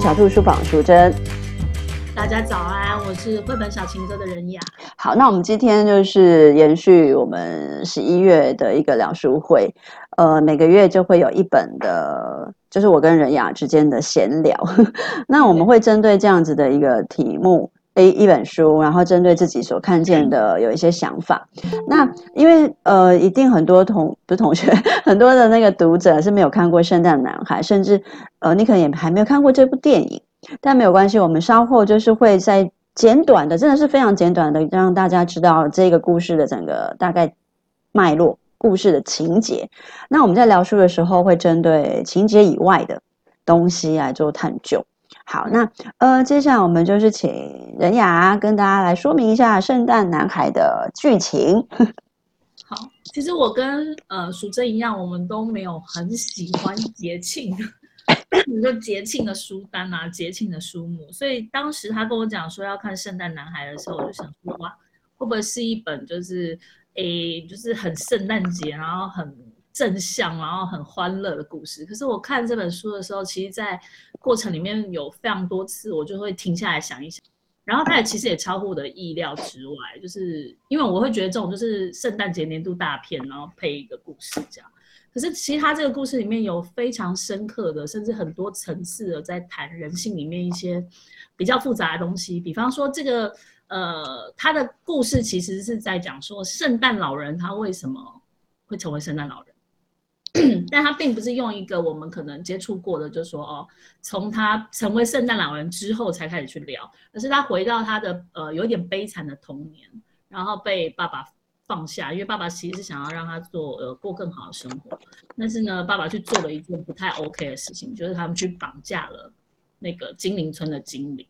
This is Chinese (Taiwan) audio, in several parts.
小兔書房淑珍，大家早安，我是繪本小情歌的仁雅。好，那我們今天就是延續我們十一月的一個聊書會，呃，每個月就會有一本的，就是我跟仁雅之間的閒聊。 那我們會針對這樣子的一個題目。一一本書，然後針對自己所看見的有一些想法。那因為呃，一定很多同不是同學，很多的那個讀者是沒有看過《聖誕男孩》，甚至呃，你可能也還沒有看過這部電影。但沒有關係，我們稍後就是會在簡短的，真的是非常簡短的，讓大家知道這個故事的整個大概脈絡、故事的情節。那我們在聊書的時候，會針對情節以外的東西來做探究。好，那呃，接下來我們就是請任雅跟大家來說明一下《聖誕男孩》的劇情。好，其實我跟呃淑珍一樣，我們都沒有很喜歡節慶，比如 說節慶的書單啊，節慶的書目，所以當時他跟我講說要看《聖誕男孩》的時候，我就想說，哇，會不會是一本就是誒、欸，就是很聖誕節，然後很。正向，然後很歡樂的故事。可是我看這本書的時候，其實，在過程裡面有非常多次，我就會停下來想一想。然後它也其實也超乎我的意料之外，就是因為我會覺得這種就是聖誕節年度大片，然後配一個故事這樣。可是其實它這個故事裡面有非常深刻的，甚至很多層次的，在談人性裡面一些比較複雜的東西。比方說，這個呃，它的故事其實是在講說，聖誕老人他為什麼會成為聖誕老人。 但他並不是用一個我們可能接觸過的，就是說哦，從他成為聖誕老人之後才開始去聊，而是他回到他的呃有點悲慘的童年，然後被爸爸放下，因為爸爸其實是想要讓他做呃過更好的生活，但是呢，爸爸去做了一件不太 OK 的事情，就是他們去綁架了那個精靈村的精靈，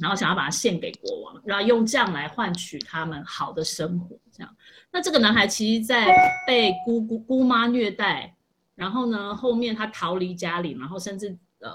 然後想要把它獻給國王，然後用這樣來換取他們好的生活，這樣。那這個男孩其實在被姑姑姑媽虐待。然後呢，後面他逃離家裡，然後甚至呃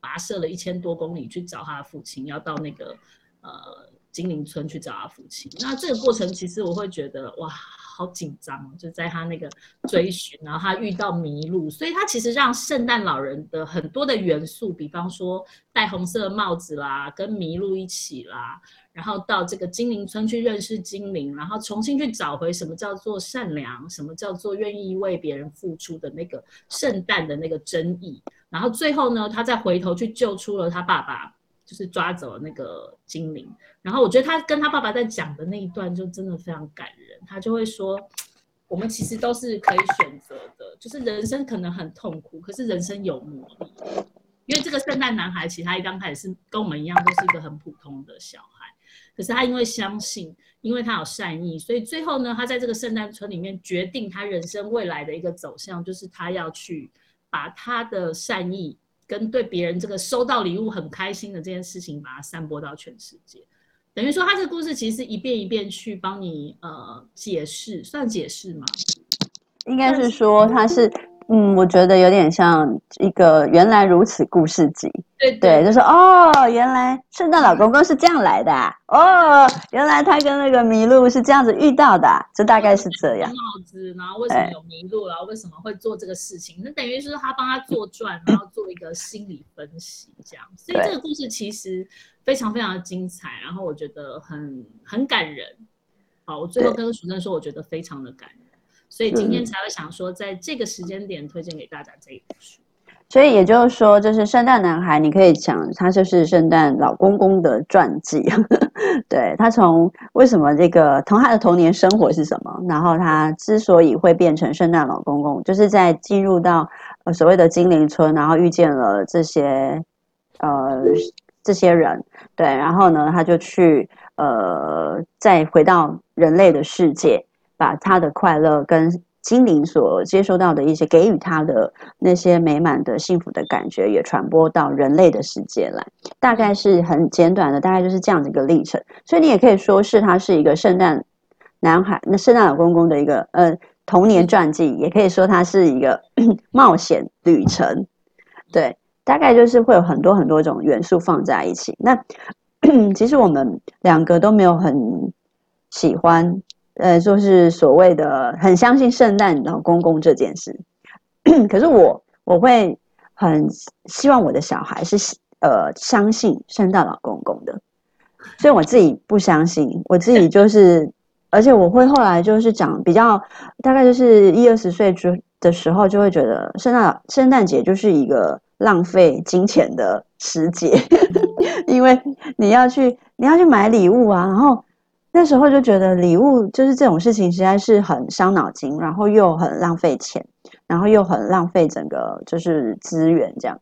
跋涉了一千多公里去找他的父親，要到那個呃金陵村去找他的父親。那這個過程其實我會覺得哇，好緊張，就在他那個追尋，然後他遇到麋鹿，所以他其實讓聖誕老人的很多的元素，比方說戴紅色的帽子啦、跟麋鹿一起啦。然後到這個精靈村去認識精靈，然後重新去找回什麼叫做善良，什麼叫做願意為別人付出的那個聖誕的那個真意。然後最後呢，他再回頭去救出了他爸爸，就是抓走了那個精靈。然後我覺得他跟他爸爸在講的那一段就真的非常感人。他就會說，我們其實都是可以選擇的，就是人生可能很痛苦，可是人生有魔力。因為這個聖誕男孩其實他一剛開始是跟我們一樣，就是一個很普通的小孩。可是他因為相信，因為他有善意，所以最後呢，他在這個聖誕村裡面決定他人生未來的一個走向，就是他要去把他的善意跟對別人這個收到禮物很開心的這件事情，把它散播到全世界。等於說，他這個故事其實一遍一遍去幫你呃解釋，算解釋嗎？應該是說他是。嗯，我覺得有點像一個原來如此故事集，對對，對就是說哦，原來聖誕老公公是這樣來的、啊、哦，原來他跟那個麋鹿是這樣子遇到的、啊，就大概是這樣帽子，然後為什麼有麋鹿，然後為什麼會做這個事情？那等於是他幫他作傳，然後做一個心理分析這樣，所以這個故事其實非常非常的精彩，然後我覺得很很感人。好，我最後跟徐崢說，我覺得非常的感人。所以今天才會想說，在這個時間點推薦給大家這一本書。所以也就是說，就是聖誕男孩，你可以講他就是聖誕老公公的傳記。對，他從，為什麼這個，從他的童年生活是什麼，然後他之所以會變成聖誕老公公，就是在進入到呃所謂的精靈村，然後遇見了這些呃這些人，對，然後呢，他就去呃再回到人類的世界。把他的快樂跟精靈所接收到的一些給予他的那些美滿的幸福的感覺，也傳播到人類的世界來。大概是很簡短的，大概就是這樣的一個歷程。所以你也可以說是他是一個聖誕男孩，那聖誕老公公的一個呃童年傳記，也可以說他是一個 冒險旅程。對，大概就是會有很多很多種元素放在一起。那 其實我們兩個都沒有很喜歡。呃，就是所謂的很相信聖誕老公公這件事， 可是我我會很希望我的小孩是呃相信聖誕老公公的，所以我自己不相信，我自己就是，而且我會後來就是講比較大概就是一二十歲之的時候就會覺得聖誕聖誕節就是一個浪費金錢的時節， 因為你要去你要去買禮物啊，然後。那時候就覺得禮物就是這種事情，實在是很傷腦筋，然後又很浪費錢，然後又很浪費整個就是資源這樣。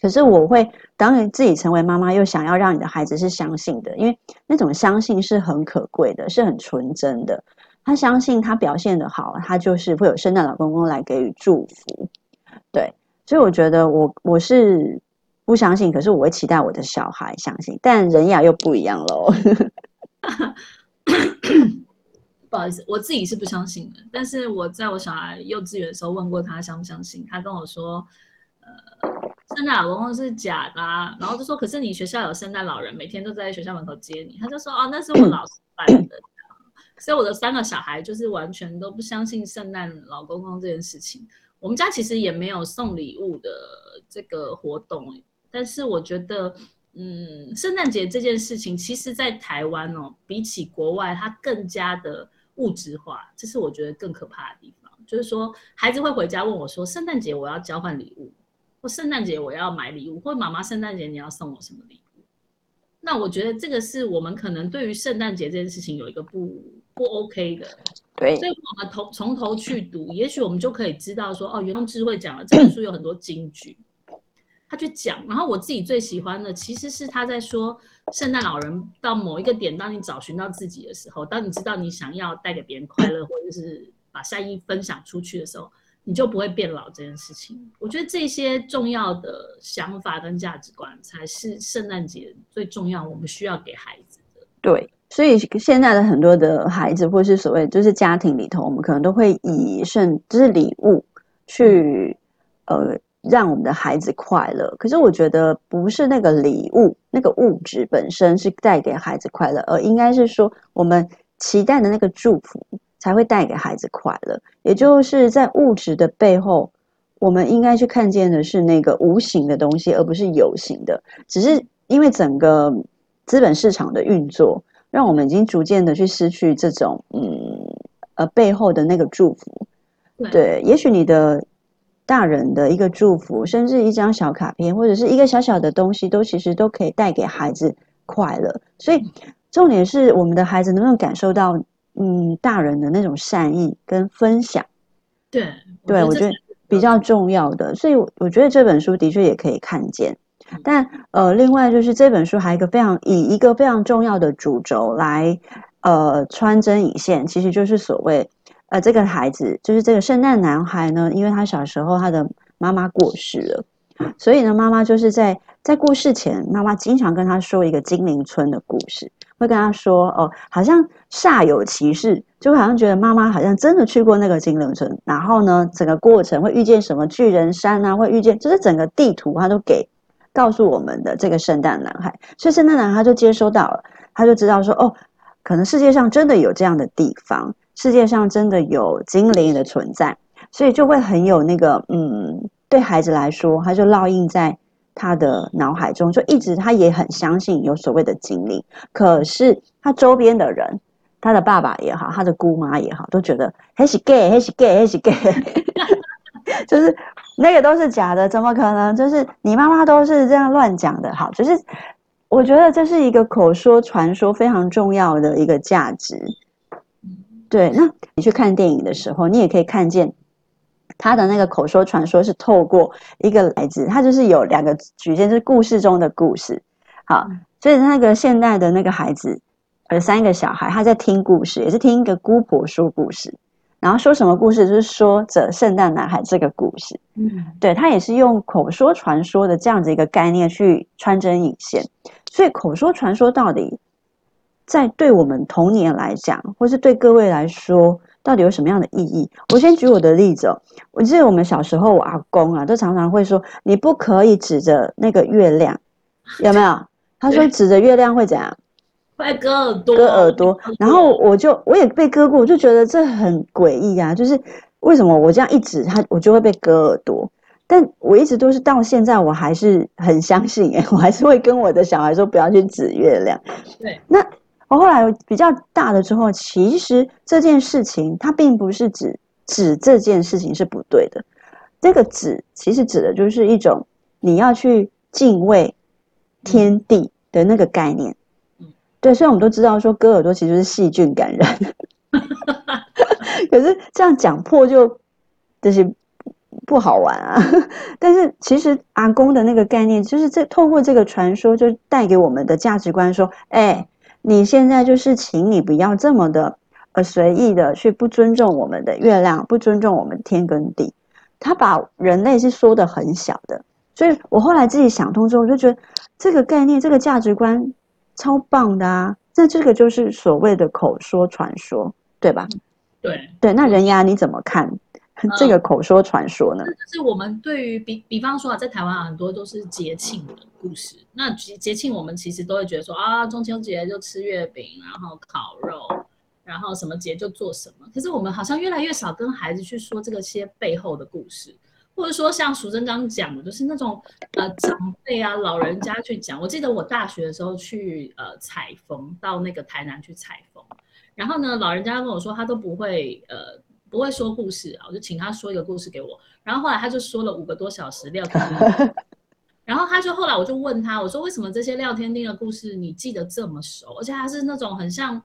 可是我會，當你自己成為媽媽，又想要讓你的孩子是相信的，因為那種相信是很可貴的，是很純真的。他相信他表現得好，他就是會有聖誕老公公來給予祝福。對，所以我覺得我我是不相信，可是我會期待我的小孩相信。但人雅又不一樣嘍。 不好意思，我自己是不相信的。但是我在我小孩幼稚園的時候問過他相不相信，他跟我說：“呃，聖誕老公公是假的啊。”然後就說：“可是你學校有聖誕老人，每天都在學校門口接你。”他就說：“哦，那是我老師扮的。 ”所以我的三個小孩就是完全都不相信聖誕老公公這件事情。我們家其實也沒有送禮物的這個活動，但是我覺得。嗯，聖誕節這件事情，其實在台灣哦，比起國外，它更加的物質化，這是我覺得更可怕的地方。就是說，孩子會回家問我說：“聖誕節我要交換禮物，或聖誕節我要買禮物，或媽媽聖誕節你要送我什麼禮物？”那我覺得這個是我們可能對於聖誕節這件事情有一個不不 OK 的。對，所以我們從從頭去讀，也許我們就可以知道說：“哦，原動智慧講了這本書有很多金句。” 他去講，然後我自己最喜歡的其實是他在說，聖誕老人到某一個點，當你找尋到自己的時候，當你知道你想要帶給別人快樂，或者是把善意分享出去的時候，你就不會變老這件事情。我覺得這些重要的想法跟價值觀才是聖誕節最重要，我們需要給孩子的。對，所以現在的很多的孩子，或是所謂就是家庭裡頭，我們可能都會以聖就是禮物去、嗯、呃。讓我們的孩子快樂，可是我覺得不是那個禮物，那個物質本身是帶給孩子快樂，而應該是說我們期待的那個祝福才會帶給孩子快樂。也就是在物質的背後，我們應該去看見的是那個無形的東西，而不是有形的。只是因為整個資本市場的運作，讓我們已經逐漸的去失去這種嗯，呃背後的那個祝福。對，也許你的。大人的一個祝福，甚至一張小卡片，或者是一個小小的東西，都其實都可以帶給孩子快樂。所以重點是我們的孩子能不能感受到，嗯，大人的那種善意跟分享。對，對我覺得比較重要的。所以，我覺得這本書的確也可以看見。但呃，另外就是這本書還有一個非常以一個非常重要的主軸來呃穿針引線，其實就是所謂。呃，這個孩子就是這個聖誕男孩呢，因為他小時候他的媽媽過世了，所以呢，媽媽就是在在過世前，媽媽經常跟他說一個精靈村的故事，會跟他說哦，好像煞有其事，就好像覺得媽媽好像真的去過那個精靈村，然後呢，整個過程會遇見什麼巨人山啊，會遇見，就是整個地圖他都給告訴我們的這個聖誕男孩，所以聖誕男孩就接收到了，他就知道說哦，可能世界上真的有這樣的地方。世界上真的有精靈的存在，所以就會很有那個，嗯，對孩子來說，他就烙印在他的腦海中，就一直他也很相信有所謂的精靈。可是他周邊的人，他的爸爸也好，他的姑媽也好，都覺得很喜 gay，很喜 gay，很喜 gay，就是那個都是假的，怎麼可能？就是你媽媽都是這樣亂講的。好，就是我覺得這是一個口說傳說非常重要的一個價值。對，那你去看電影的時候，你也可以看見，他的那個口說傳說是透過一個來自，他就是有兩個主線，就是故事中的故事。好，所以那個現代的那個孩子，有三個小孩，他在聽故事，也是聽一個姑婆說故事，然後說什麼故事，就是說着聖誕男孩這個故事。嗯，對，他也是用口說傳說的這樣子一個概念去穿針引線，所以口說傳說到底。在對我們童年來講，或是對各位來說，到底有什麼樣的意義？我先舉我的例子哦。我記得我們小時候，我阿公啊，都常常會說：“你不可以指着那個月亮，有沒有？”他說：“指着月亮會怎樣？會割耳朵，割耳朵。”然後我就我也被割過，我就覺得這很詭異啊！就是為什麼我這樣一指他，我就會被割耳朵？但我一直都是到現在，我還是很相信欸，我還是會跟我的小孩說：“不要去指月亮。”對，那。我後來比較大了之後，其實這件事情它並不是指指，這件事情是不對的，這個指其實指的就是一種你要去敬畏天地的那個概念。嗯、對，雖然我們都知道說割耳朵其實是細菌感染， 可是這樣講破就就是不好玩啊。 但是其實阿公的那個概念，就是這透過這個傳說，就帶給我們的價值觀說，誒、欸你現在就是，請你不要這麼的，呃，隨意的去不尊重我們的月亮，不尊重我們天跟地，他把人類是說的很小的。所以我後來自己想通之後，我就覺得這個概念、這個價值觀超棒的啊！那這個就是所謂的口說傳說，對吧？對對，那人牙你怎麼看？這個口說傳說呢，就、嗯、是我們對於比比方說啊，在台灣很多都是節慶的故事。那節節慶，我們其實都會覺得說啊，中秋節就吃月餅，然後烤肉，然後什麼節就做什麼。可是我們好像越來越少跟孩子去說這個些背後的故事，或者說像淑珍剛講的，就是那種呃長輩啊老人家去講。我記得我大學的時候去呃采風到那個台南去采風，然後呢老人家跟我說他都不會呃。不會說故事啊，我就請他說一個故事給我。然後後來他就說了五個多小時廖添丁， 然後他就後來我就問他，我說為什麼這些廖添丁的故事你記得這麼熟？而且他是那種很像，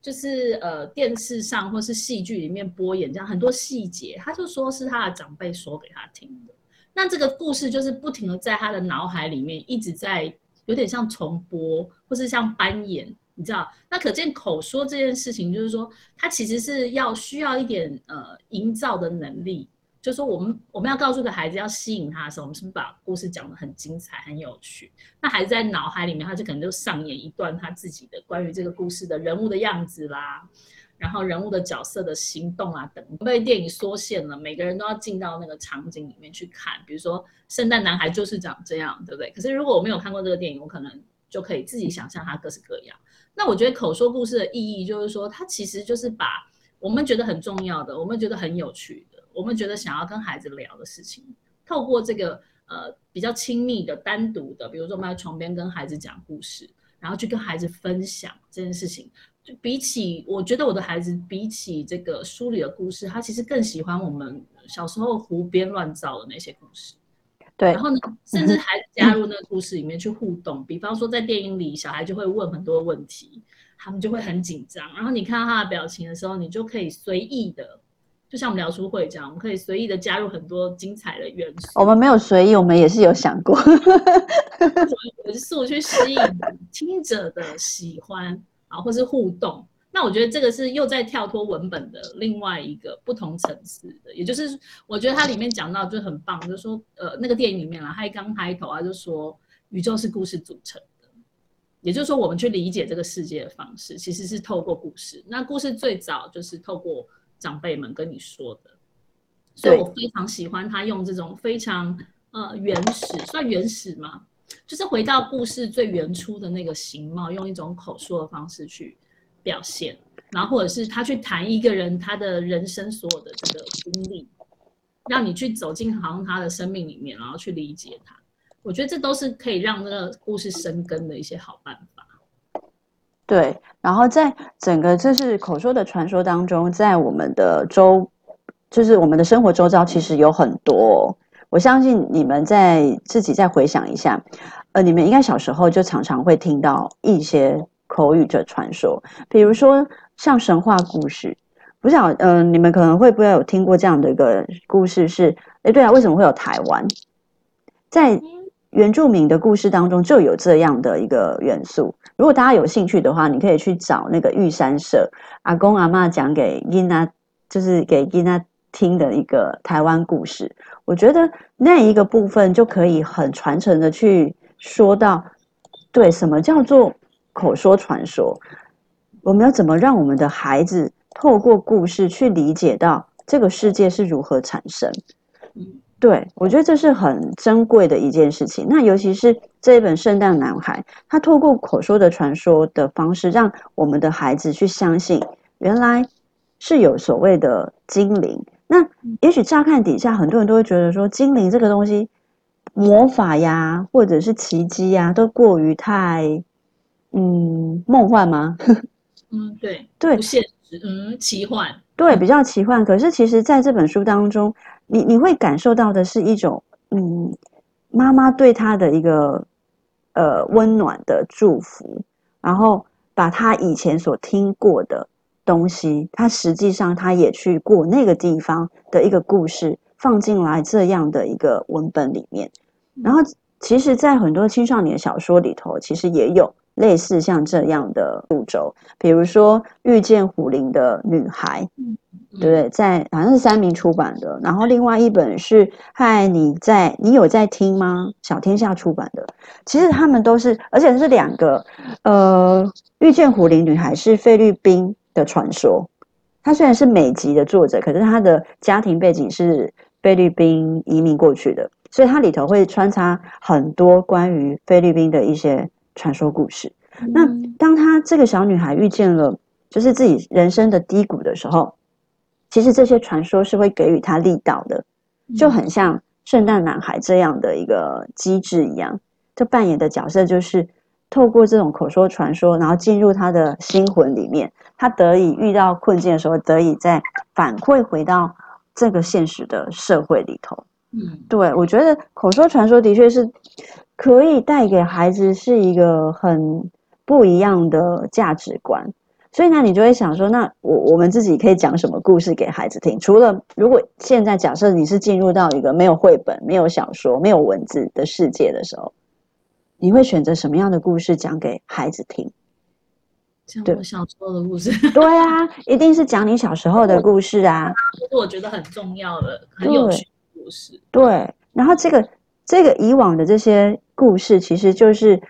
就是呃電視上或是戲劇裡面播演這樣很多細節，他就說是他的長輩說給他聽的。那這個故事就是不停的在他的腦海裡面一直在有點像重播或是像扮演。你知道，那可見口說這件事情，就是說，他其實是要需要一點呃營造的能力。就說我們我們要告訴個孩子要吸引他的時候，我們是不是把故事講得很精彩、很有趣？那孩子在腦海裡面，他就可能就上演一段他自己的關於這個故事的人物的樣子啦，然後人物的角色的行動啊等。被電影縮限了，每個人都要進到那個場景裡面去看。比如說《聖誕男孩》就是長這樣，對不對？可是如果我沒有看過這個電影，我可能就可以自己想象他各式各樣。那我覺得口說故事的意義，就是說它其實就是把我們覺得很重要的，我們覺得很有趣的，我們覺得想要跟孩子聊的事情，透過這個呃比較親密的、單獨的，比如說我們在床邊跟孩子講故事，然後去跟孩子分享這件事情，就比起我覺得我的孩子比起這個書裡的故事，他其實更喜歡我們小時候胡編亂造的那些故事。對，然後呢，甚至還加入那個故事裡面去互動、嗯，比方說在電影裡，小孩就會問很多問題，他們就會很緊張。然後你看到他的表情的時候，你就可以隨意的，就像我們聊書會這樣，我們可以隨意的加入很多精彩的元素。我們沒有隨意，我們也是有想過， 元素去吸引聽者的喜歡啊，或是互動。那我覺得這個是又在跳脫文本的另外一個不同層次的，也就是我覺得它裡面講到就很棒，就是說呃，那個電影裡面啦，它一剛開頭啊就說，宇宙是故事組成的，也就是說，我們去理解這個世界的方式其實是透過故事。那故事最早就是透過長輩們跟你說的，所以我非常喜歡他用這種非常呃，原始，算原始嗎？就是回到故事最原初的那個形貌，用一種口說的方式去。表現，然後或者是他去談一個人他的人生所有的這個經歷，讓你去走進好像他的生命裡面，然後去理解他。我覺得這都是可以讓那個故事生根的一些好辦法。對，然後在整個就是口說的傳說當中，在我們的周，就是我們的生活周遭，其實有很多。我相信你們在自己再回想一下，呃，你們應該小時候就常常會聽到一些。口語的傳說，比如說像神話故事，不曉嗯、呃，你們可能會不會有聽過這樣的一個故事是，是哎對啊，為什麼會有台灣？在原住民的故事當中就有這樣的一個元素。如果大家有興趣的話，你可以去找那個玉山社阿公阿媽講給伊娜，就是給伊娜聽的一個台灣故事。我覺得那一個部分就可以很傳承的去說到，對什麼叫做。口說傳說，我們要怎麼讓我們的孩子透過故事去理解到這個世界是如何產生？嗯，對，我覺得這是很珍貴的一件事情。那尤其是這一本《聖誕男孩》，他透過口說的傳說的方式，讓我們的孩子去相信，原來是有所謂的精靈。那也許乍看底下，很多人都會覺得說，精靈這個東西，魔法呀，或者是奇蹟呀，都過於太。嗯，夢幻嗎？ 嗯，對對，不現實，嗯，奇幻，對，比較奇幻。可是，其實在這本書當中，你你會感受到的是一種，嗯，媽媽對他的一個呃溫暖的祝福，然後把他以前所聽過的東西，他實際上他也去過那個地方的一個故事放進來這樣的一個文本裡面。嗯、然後，其實，在很多青少年小說裡頭，其實也有。類似像這樣的步驟，比如說《遇見虎靈的女孩》，對不對？在好像是三民出版的。然後另外一本是《嗨，你在？你有在聽嗎？》小天下出版的。其實他們都是，而且是兩個。呃，《遇見虎靈女孩》是菲律賓的傳說。他雖然是美籍的作者，可是他的家庭背景是菲律賓移民過去的，所以他裡頭會穿插很多關於菲律賓的一些。傳說故事。那當她這個小女孩遇見了，就是自己人生的低谷的時候，其實這些傳說是會給予她力道的，就很像聖誕男孩這樣的一個機制一樣。就扮演的角色就是透過這種口說傳說，然後進入他的心魂裡面，他得以遇到困境的時候，得以再反饋回到這個現實的社會裡頭。嗯，對，我覺得口說傳說的確是。可以帶給孩子是一個很不一樣的價值觀，所以呢，你就會想說，那我，我們自己可以講什麼故事給孩子聽？除了如果現在假設你是進入到一個沒有繪本、沒有小說、沒有文字的世界的時候，你會選擇什麼樣的故事講給孩子聽？像我小時候的故事對？對啊，一定是講你小時候的故事啊，這 是我覺得很重要的、很有趣的故事。對，對然後這個這個以往的這些。故事其實就是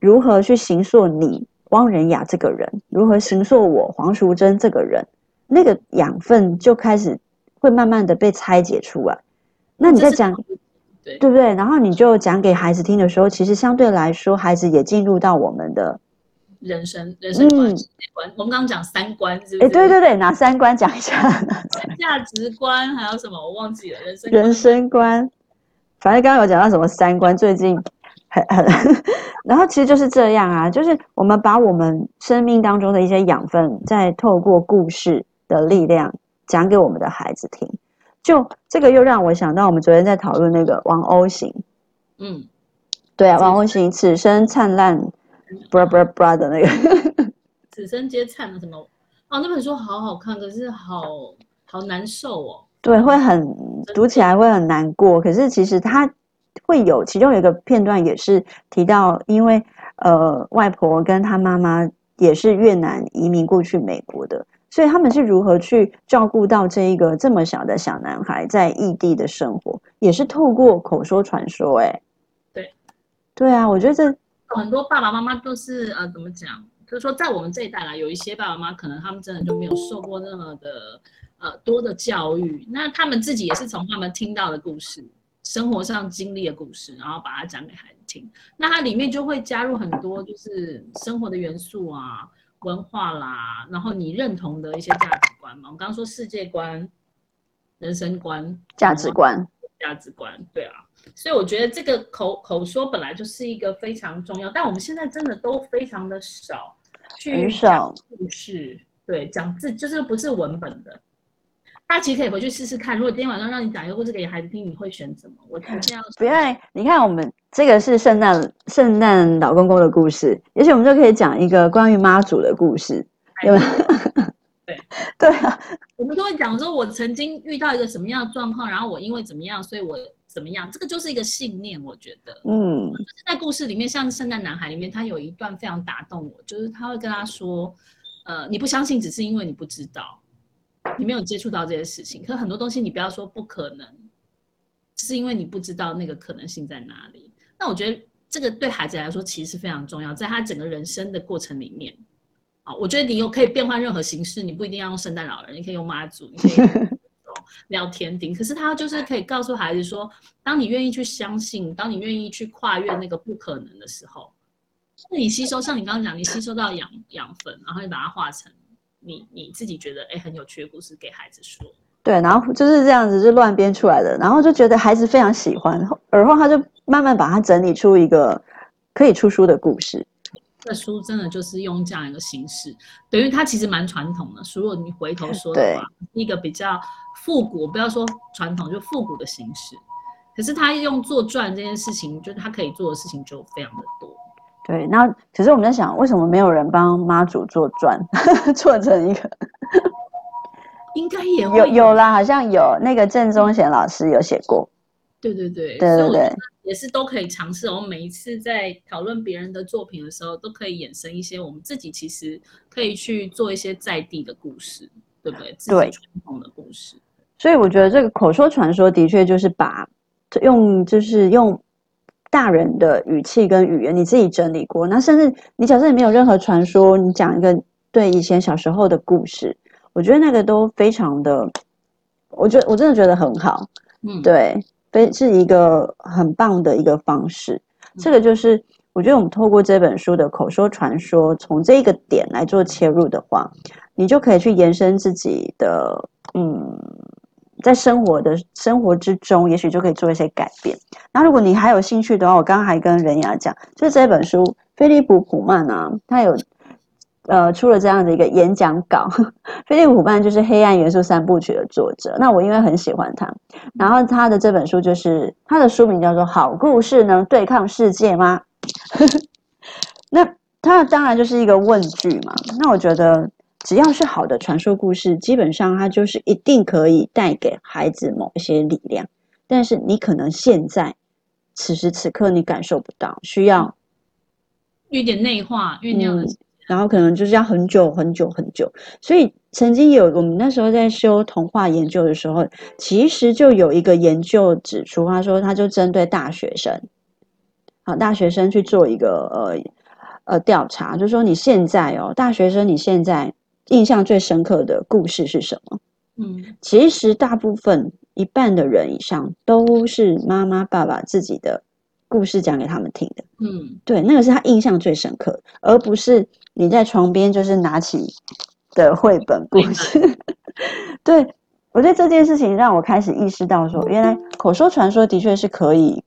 如何去形塑你汪仁雅這個人，如何形塑我黃淑貞這個人，那個養分就開始會慢慢的被拆解出來。那你在講對，對不對？然後你就講給孩子聽的時候，其實相對來說，孩子也進入到我們的人生人生、嗯、人生觀。我們剛剛講三觀，哎是不是，欸、對對對，拿三觀講一下價值觀，還有什麼我忘記了人生觀、人生觀，反正剛剛有講到什麼三觀，最近。 然後其實就是這樣啊，就是我們把我們生命當中的一些養分，再透過故事的力量講給我們的孩子聽。就這個又讓我想到，我們昨天在討論那個王鷗行，嗯，對啊，王鷗行此生燦爛，brother 那個，此生皆燦爛，什麼？哦，那本書好好看，可是好好難受哦。對，會很，讀起來會很難過，可是其實他。會有其中有一個片段也是提到，因為呃，外婆跟她媽媽也是越南移民過去美國的，所以他們是如何去照顧到這一個這麼小的小男孩在異地的生活，也是透過口說傳說。哎，對，對啊，我覺得這很多爸爸媽媽都是呃，怎麼講，就是說在我們這一代啦、啊，有一些爸爸媽媽可能他們真的就沒有受過那麼的呃多的教育，那他們自己也是從他們聽到的故事。生活上經歷的故事，然後把它講給孩子聽。那它裡面就會加入很多就是生活的元素啊、文化啦，然後你認同的一些價值觀嘛。我剛剛說世界觀、人生觀、價值觀、價值觀，對啊。所以我覺得這個口口說本來就是一個非常重要，但我們現在真的都非常的少去講故事，對，講字就是不是文本的。他其實可以回去試試看。如果今天晚上讓你講一個故事給孩子聽，你會選什麼？我這樣，不要你看，我們這個是聖誕聖誕老公公的故事，也許我們就可以講一個關於媽祖的故事，有沒有？對 對啊，我們都會講說，我曾經遇到一個什麼樣的狀況，然後我因為怎麼樣，所以我怎麼樣，這個就是一個信念，我覺得，嗯，是在故事裡面，像聖誕男孩裡面，他有一段非常打動我，就是他會跟他說，呃，你不相信，只是因為你不知道。你沒有接觸到這些事情，可很多東西你不要說不可能，是因為你不知道那個可能性在哪裡。那我覺得這個對孩子來說其實非常重要，在他整個人生的過程裡面。好，我覺得你又可以變換任何形式，你不一定要用聖誕老人，你可以用媽祖，你可以廖添丁。 可是他就是可以告訴孩子說，當你願意去相信，當你願意去跨越那個不可能的時候，那你吸收，像你剛剛講，你吸收到養養分，然後你把它化成。你你自己覺得哎、欸，很有趣的故事給孩子說，對，然後就是這樣子就亂編出來的，然後就覺得孩子非常喜歡，而後他就慢慢把它整理出一個可以出書的故事。這書真的就是用這樣一個形式，等於它其實蠻傳統的。如果你回頭說的話，嗯、對，一個比較復古，不要說傳統，就復古的形式。可是他用做傳這件事情，就是他可以做的事情就非常的多。對，那可是我們在想，為什麼沒有人幫媽祖做傳，做成一個？應該也會有有，有啦，好像有那個鄭宗賢老師有寫過。對對對對，對對，也是都可以嘗試、哦。我們每一次在討論別人的作品的時候，都可以衍生一些我們自己其實可以去做一些在地的故事，對不對？自己對傳統的故事。所以我覺得這個口說傳說的確就是把用，就是用。大人的語氣跟語言，你自己整理過，那甚至你假設你沒有任何傳說，你講一個對以前小時候的故事，我覺得那個都非常的，我覺得我真的覺得很好，嗯、對，非是一個很棒的一個方式。這個就是我覺得我們透過這本書的口說傳說，從這一個點來做切入的話，你就可以去延伸自己的，嗯。在生活的生活之中，也許就可以做一些改變。那如果你還有興趣的話，我剛剛還跟人家講，就是這本書，菲利普·普曼啊，他有呃出了這樣的一個演講稿。 菲利普·普曼就是《黑暗元素三部曲》的作者。那我因為很喜歡他，然後他的這本書就是他的書名叫做《好故事能對抗世界嗎？》 那他當然就是一個問句嘛。那我覺得。只要是好的傳說故事，基本上它就是一定可以帶給孩子某一些力量。但是你可能現在此時此刻你感受不到，需要有點，有點有點內化醞釀，然後可能就是要很久很久很久。所以曾經有我們那時候在修童話研究的時候，其實就有一個研究指出，他說他就針對大學生。好，大學生去做一個呃呃調查，就說你現在哦，大學生你現在。印象最深刻的故事是什麼？嗯，其實大部分一半的人以上都是媽媽爸爸自己的故事講給他們聽的。嗯，對，那個是他印象最深刻，而不是你在床邊就是拿起的繪本故事。嗯、 對，我覺得這件事情讓我開始意識到說，說原來口說傳說的確是可以，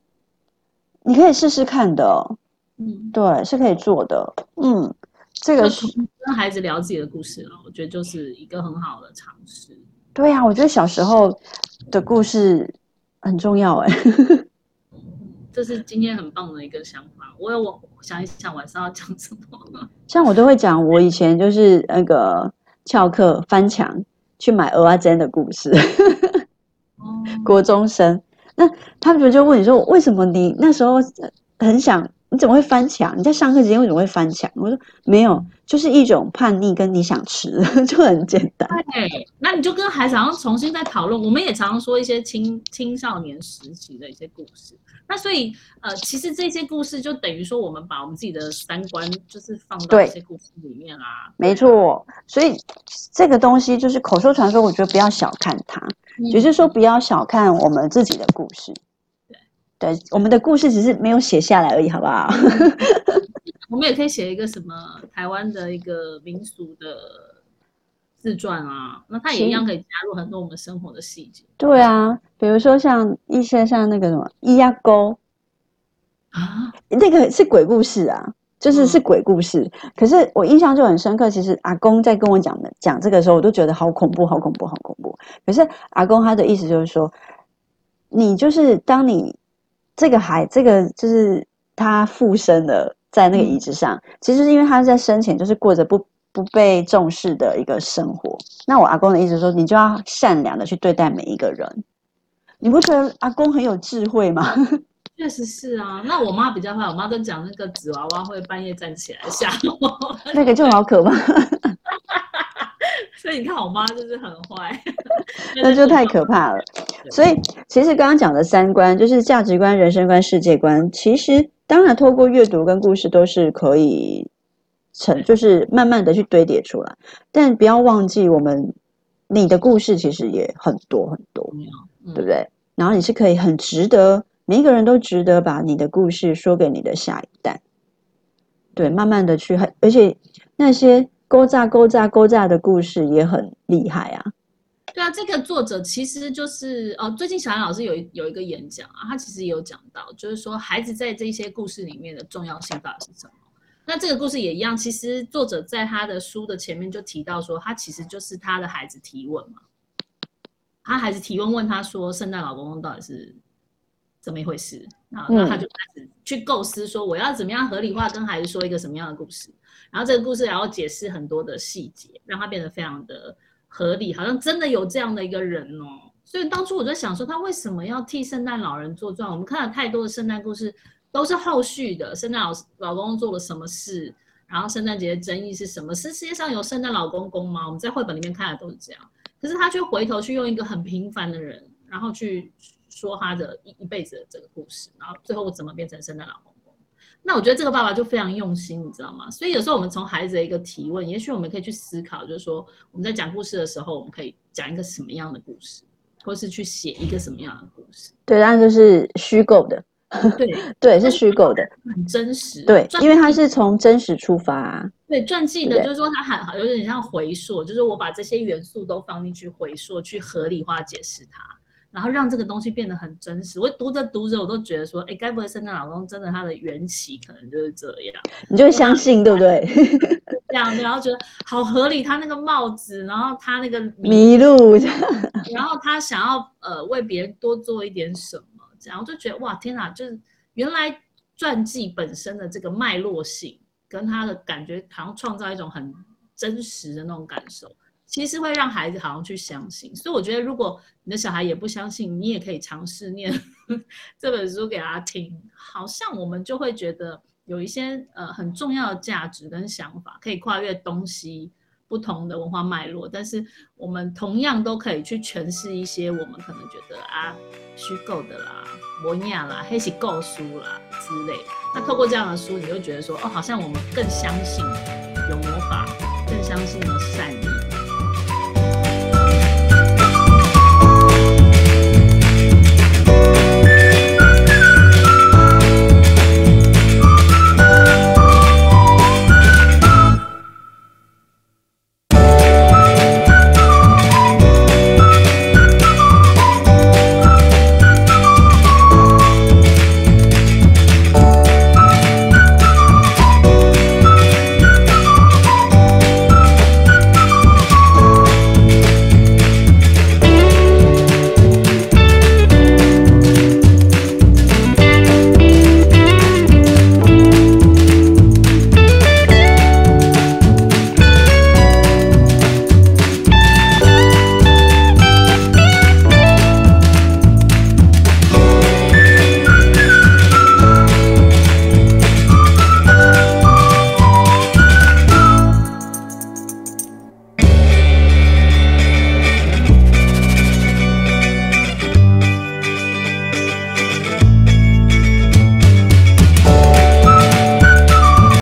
你可以試試看的、哦。嗯，對，是可以做的。嗯。這個是跟孩子聊自己的故事了，啊，我覺得就是一個很好的嘗試。對呀，啊，我覺得小時候的故事很重要，欸。哎，這是今天很棒的一個想法。我有，我想一想晚上要講什麼。像我都會講，我以前就是那個翹課、翻牆去買蚵仔煎的故事。哦，嗯， 國中生，那他們就就問你說，為什麼你那時候很想？你怎麼會翻牆？你在上課時間為什麼會翻牆？我說沒有，就是一種叛逆，跟你想吃呵呵，就很簡單。對，那你就跟孩子好像重新再討論。我們也常常說一些青青少年時期的一些故事。那所以呃，其實這些故事就等於說，我們把我們自己的三觀就是放到一些故事裡面啦、啊。沒錯，所以這個東西就是口說傳說，我覺得不要小看它，也、嗯就是說不要小看我們自己的故事。對，我們的故事只是沒有寫下來而已，好不好？ 我們也可以寫一個什麼台灣的一個民俗的自傳啊，那它也一樣可以加入很多我們生活的細節。對啊，比如說像一些像那個什麼伊阿溝啊，那個是鬼故事啊，就是是鬼故事、嗯。可是我印象就很深刻，其實阿公在跟我講的講這個時候，我都覺得好恐怖，好恐怖，好恐怖。可是阿公他的意思就是說，你就是當你。這個還這個就是他附身的，在那個椅子上，其實是因為他在生前就是過着不不被重視的一個生活。那我阿公的意思說，你就要善良的去對待每一個人。你不覺得阿公很有智慧嗎？確實是啊。那我媽比較怕，我媽都講那個紙娃娃會半夜站起來嚇我，那個就好可怕。 所以你看，我媽就是很壞， 那就太可怕了。所以其實剛剛講的三觀，就是價值觀、人生觀、世界觀，其實當然透過閱讀跟故事都是可以成，就是慢慢的去堆疊出來。但不要忘記，我們你的故事其實也很多很多，對不對？然後你是可以很值得，每一個人都值得把你的故事說給你的下一代。對，慢慢的去，而且那些。勾詐勾詐勾詐的故事也很厲害啊！對啊，這個作者其實就是哦，最近小安老師有有一個演講啊，他其實也有講到，就是說孩子在這些故事裡面的重要性到底是什麼？那這個故事也一樣，其實作者在他的書的前面就提到說，他其實就是他的孩子提問嘛，他孩子提問問他說，聖誕老公公到底是？怎麼一回事啊？那他就開始去構思說我要怎麼樣合理化跟孩子說一個什麼樣的故事，然後這個故事也要解釋很多的細節，讓他變得非常的合理，好像真的有這樣的一個人哦。所以當初我就想說，他為什麼要替聖誕老人作傳？我們看了太多的聖誕故事，都是後續的聖誕老老公做了什麼事，然後聖誕節的爭議是什麼？是世界上有聖誕老公公嗎？我們在繪本裡面看的都是這樣，可是他卻回頭去用一個很平凡的人，然後去。說他的一一輩子的這個故事，然後最後我怎麼變成聖誕老公公？那我覺得這個爸爸就非常用心，你知道嗎？所以有時候我們從孩子的一個提問，也許我們可以去思考，就是說我們在講故事的時候，我們可以講一個什麼樣的故事，或是去寫一個什麼樣的故事？對，但就是虛構的。對 對，嗯、是虛構的，很真實。對，因為他是從真實出發，啊。對，傳記的就是說他很有點像回溯，就是我把這些元素都放進去回溯，去合理化解釋它。然後讓這個東西變得很真實。我讀着讀着，我都覺得說，哎，該不會聖誕老公真的他的緣起可能就是這樣？你就會相信，對不對？ 這樣，然後覺得好合理。他那個帽子，然後他那個麋鹿， 然後他想要呃為別人多做一點什麼，這樣我就覺得哇，天哪！就是原來傳記本身的這個脈絡性，跟他的感覺好像創造一種很真實的那種感受。其實會讓孩子好像去相信，所以我覺得，如果你的小孩也不相信，你也可以嘗試念呵呵這本書給他聽。好像我們就會覺得有一些呃很重要的價值跟想法，可以跨越東西不同的文化脈絡。但是我們同樣都可以去詮釋一些我們可能覺得啊虛構的啦、魔幻啦、黑史故事啦之類的。那透過這樣的書，你就覺得說，哦，好像我們更相信有魔法，更相信呢。